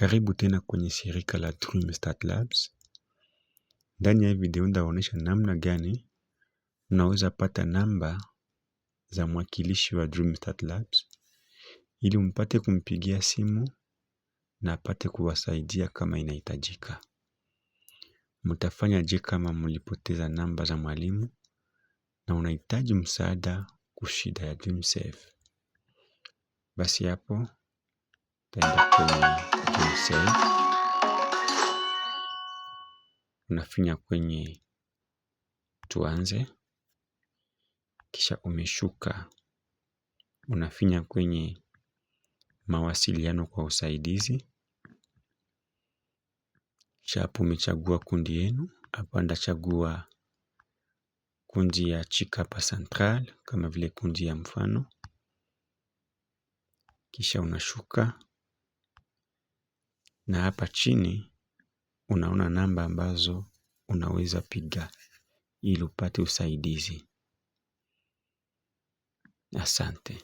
Karibu tena kwenye shirika la Dream Start Labs. Ndani ya video ndaonesha namna gani unaweza pata namba za mwakilishi wa Dream Start Labs ili mpate kumpigia simu na apate kuwasaidia kama inahitajika. Mtafanya je kama mlipoteza namba za mwalimu na unahitaji msaada kushida ya Safe? Basi hapo taenda kwenye save. Unafinya kwenye tuanze, kisha umeshuka unafinya kwenye mawasiliano kwa usaidizi, kisha hapo umechagua kundi yenu. Hapa ndachagua kundi ya Chikapa Central kama vile kundi ya mfano, kisha unashuka na hapa chini unaona namba ambazo unaweza piga ili upate usaidizi. Asante.